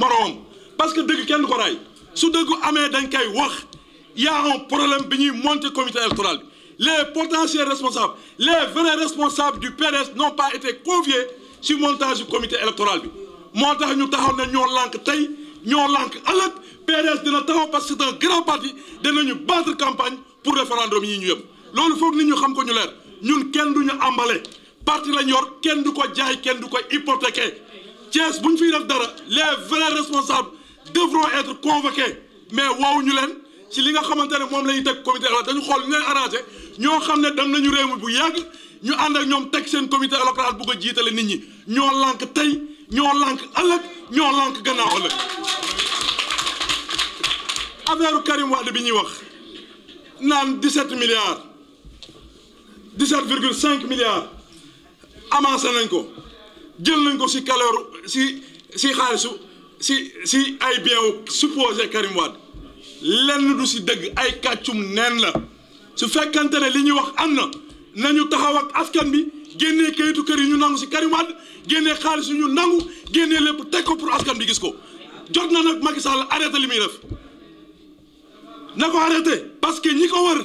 moroom parce que dëgg kenn ko raay su dëggu amee dañ koy wax y a un problème bi ñuy monter comité électoral bi les potentiels responsables les vrais responsables du PDS n'ont pas été conviés ci montage comité électoral bi moo tax ñu taxaw ne ñoo lànk tey ñoo lànk ëllëg PDS dina taxaw parce que c'est un grand parti dinañu campagne pour référendum yi ñu yem loolu foofu nit ñu xam ko ñu leer ñun kenn du ñu ambale parti lañ yor kenn du ko jaay kenn du ko hypothéquer Thiès bu ñu fiy def dara les vrais responsables devront être convoqués mais ñu leen ci li nga xamante ne moom la teg comité électoral dañu xool li leen arrangé ñoo xam ne dem nañu réew mi bu yàgg ñu ànd ak ñoom teg seen comité électoral bu ko jiitale nit ñi ñoo lànk tey ñoo lànk ëllëg ñoo lànk gannaaw ëllëg affaire Karim Wade bi ñuy wax naan 17 milliards 17 virgule cinq milliards amancé nañ ko jël nañ ko si kaleeru si si xaalisu si si ay bien wu supposé Karim Wade lenn du si dëgg ay kàccum neen la su fekkante ne li ñuy wax am na nañu taxaw ak askan bi génnee kayitu kër yi ñu nangu si Karim Wade génnee xaalis yu ñu nangu génnee lépp teg ko pour askan bi gis ko jot na nag Macky Sall arrêté li muy def na ko arrêté parce que ñi ko wër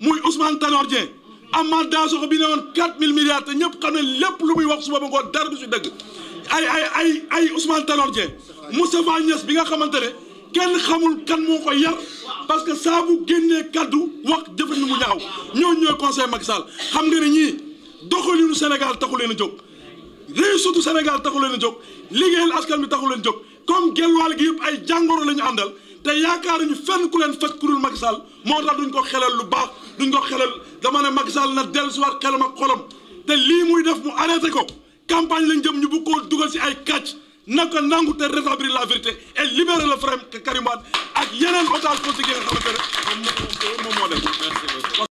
muy Ousmane Tanor Dieng Amath Dansokho bi ne woon 4000 milliards te ñëpp xam ne lépp lu muy wax suba ba ngoon dara du si dëgg ay ay ay ay Ousmane Tanor Dieng Moustapha Niass bi nga xamante ne kenn xamul kan moo ko yar parce que saabu bu génnee kaddu wax jëfin mu ñaaw ñooñu ñooy conseil Macky Sall xam nga ne ñii doxalinu Sénégal taxu leen a jóg réussite Sénégal taxu leen a jóg liggéeyal askan bi taxu leen jóg comme gelwaal gi yëpp ay jàngoro la ñu àndal te yaakaar ñu fenn ku leen faj ku dul Macky Sall duñ ko xelal lu baax duñ dox xelal dama ne Macky Sall na dellusiwaat xelam ak xolam te lii muy def mu arrêté ko campagne lañ jëm ñu bu ko dugal si ay kàcc naka nangu te rétablir la vérité et libérer le frère Karim ak yeneen otage politique yi nga xamante